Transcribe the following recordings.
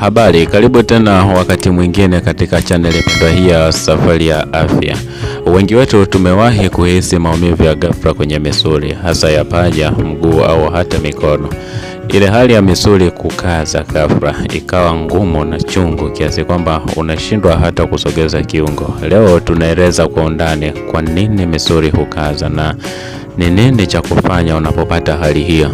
Habari, karibu tena wakati mwingine katika chaneli pendwa hii ya Safari ya Afya. Wengi wetu tumewahi kuhisi maumivu ya ghafla kwenye misuli, hasa ya paja, mguu au hata mikono. Ile hali ya misuli kukaza ghafla ikawa ngumu na chungu kiasi kwamba unashindwa hata kusogeza kiungo. Leo tunaeleza kwa undani kwa nini misuli hukaza na ni nini cha kufanya unapopata hali hiyo.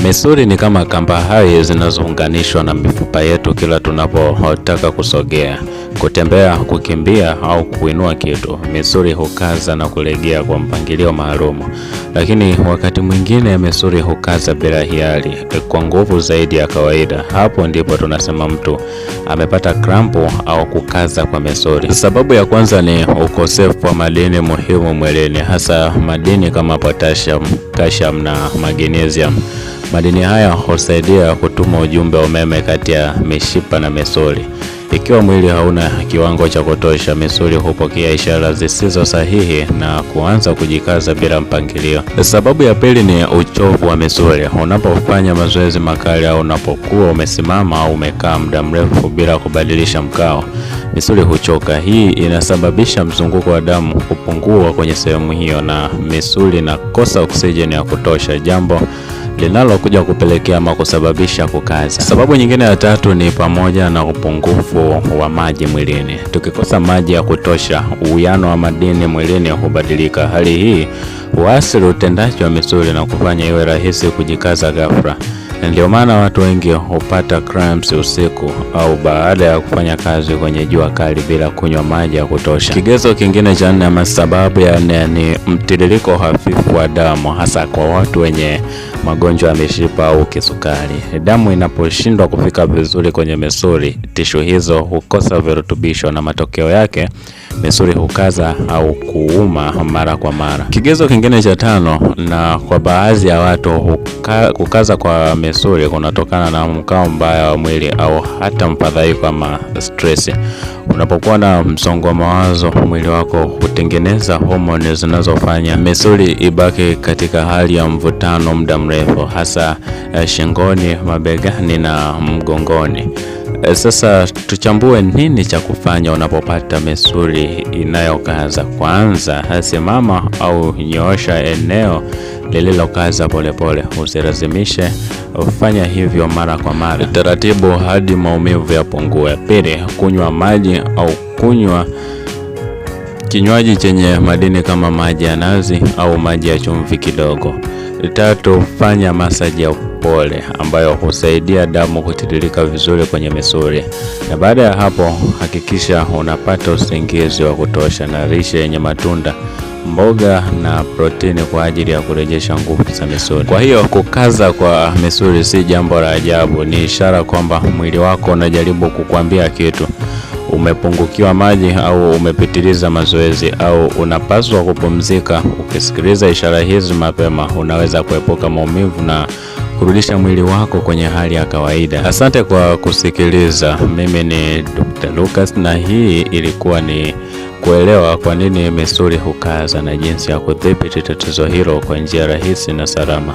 Misuli ni kama kamba hai zinazounganishwa na mifupa yetu kila tunapotaka kusogea, kutembea, kukimbia au kuinua kitu. Misuli hukaza na kulegea kwa mpangilio maalum, lakini wakati mwingine misuli hukaza bila hiari, kwa nguvu zaidi ya kawaida. Hapo ndipo tunasema mtu amepata krampu au kukaza kwa misuli. Sababu ya kwanza ni ukosefu wa madini muhimu mwilini, hasa madini kama potassium calcium na magnesium. Madini haya husaidia kutuma ujumbe wa umeme kati ya mishipa na misuli. Ikiwa mwili hauna kiwango cha kutosha, misuli hupokea ishara zisizo sahihi na kuanza kujikaza bila mpangilio. Sababu ya pili ni uchovu wa misuli. Unapofanya mazoezi makali au unapokuwa umesimama au umekaa muda mrefu bila kubadilisha mkao, misuli huchoka. Hii inasababisha mzunguko wa damu kupungua kwenye sehemu hiyo, na misuli inakosa oksijeni ya kutosha, jambo linalokuja kupelekea ama kusababisha kukaza. Sababu nyingine ya tatu ni pamoja na upungufu wa maji mwilini. Tukikosa maji ya kutosha, uwiano wa madini mwilini hubadilika. Hali hii huathiri utendaji wa misuli na kufanya iwe rahisi kujikaza ghafla. Ndio maana watu wengi hupata cramps usiku au baada ya kufanya kazi kwenye jua kali bila kunywa maji ya kutosha. Kigezo kingine cha nne ama sababu ya nne ni mtiririko hafifu wa damu, hasa kwa watu wenye magonjwa ya mishipa au kisukari. Damu inaposhindwa kufika vizuri kwenye misuli, tishu hizo hukosa virutubisho na matokeo yake misuli hukaza au kuuma mara kwa mara. Kigezo kingine cha tano, na kwa baadhi ya watu huka, kukaza kwa misuli kunatokana na mkao mbaya wa mwili au hata mfadhaiko ama stress. Unapokuwa na msongo wa mawazo, mwili wako hutengeneza homoni zinazofanya misuli ibaki katika hali ya mvutano muda mrefu mrefu hasa eh, shingoni, mabegani na mgongoni. Eh, sasa tuchambue nini cha kufanya unapopata misuli inayokaza. Kwanza, simama au nyoosha eneo lililokaza polepole, usilazimishe. Fanya hivyo mara kwa mara taratibu hadi maumivu yapungue. Pili, kunywa maji au kunywa kinywaji chenye madini kama maji ya nazi au maji ya chumvi kidogo. Tatu, fanya masaji ya upole ambayo husaidia damu kutiririka vizuri kwenye misuli, na baada ya hapo hakikisha unapata usingizi wa kutosha na lishe yenye matunda mboga na protini kwa ajili ya kurejesha nguvu za misuli. Kwa hiyo kukaza kwa misuli si jambo la ajabu, ni ishara kwamba mwili wako unajaribu kukwambia kitu umepungukiwa maji au umepitiliza mazoezi au unapaswa kupumzika. Ukisikiliza ishara hizi mapema, unaweza kuepuka maumivu na kurudisha mwili wako kwenye hali ya kawaida. Asante kwa kusikiliza. Mimi ni Dr. Lucas na hii ilikuwa ni kuelewa kwa nini misuli hukaza na jinsi ya kudhibiti tatizo hilo kwa njia rahisi na salama.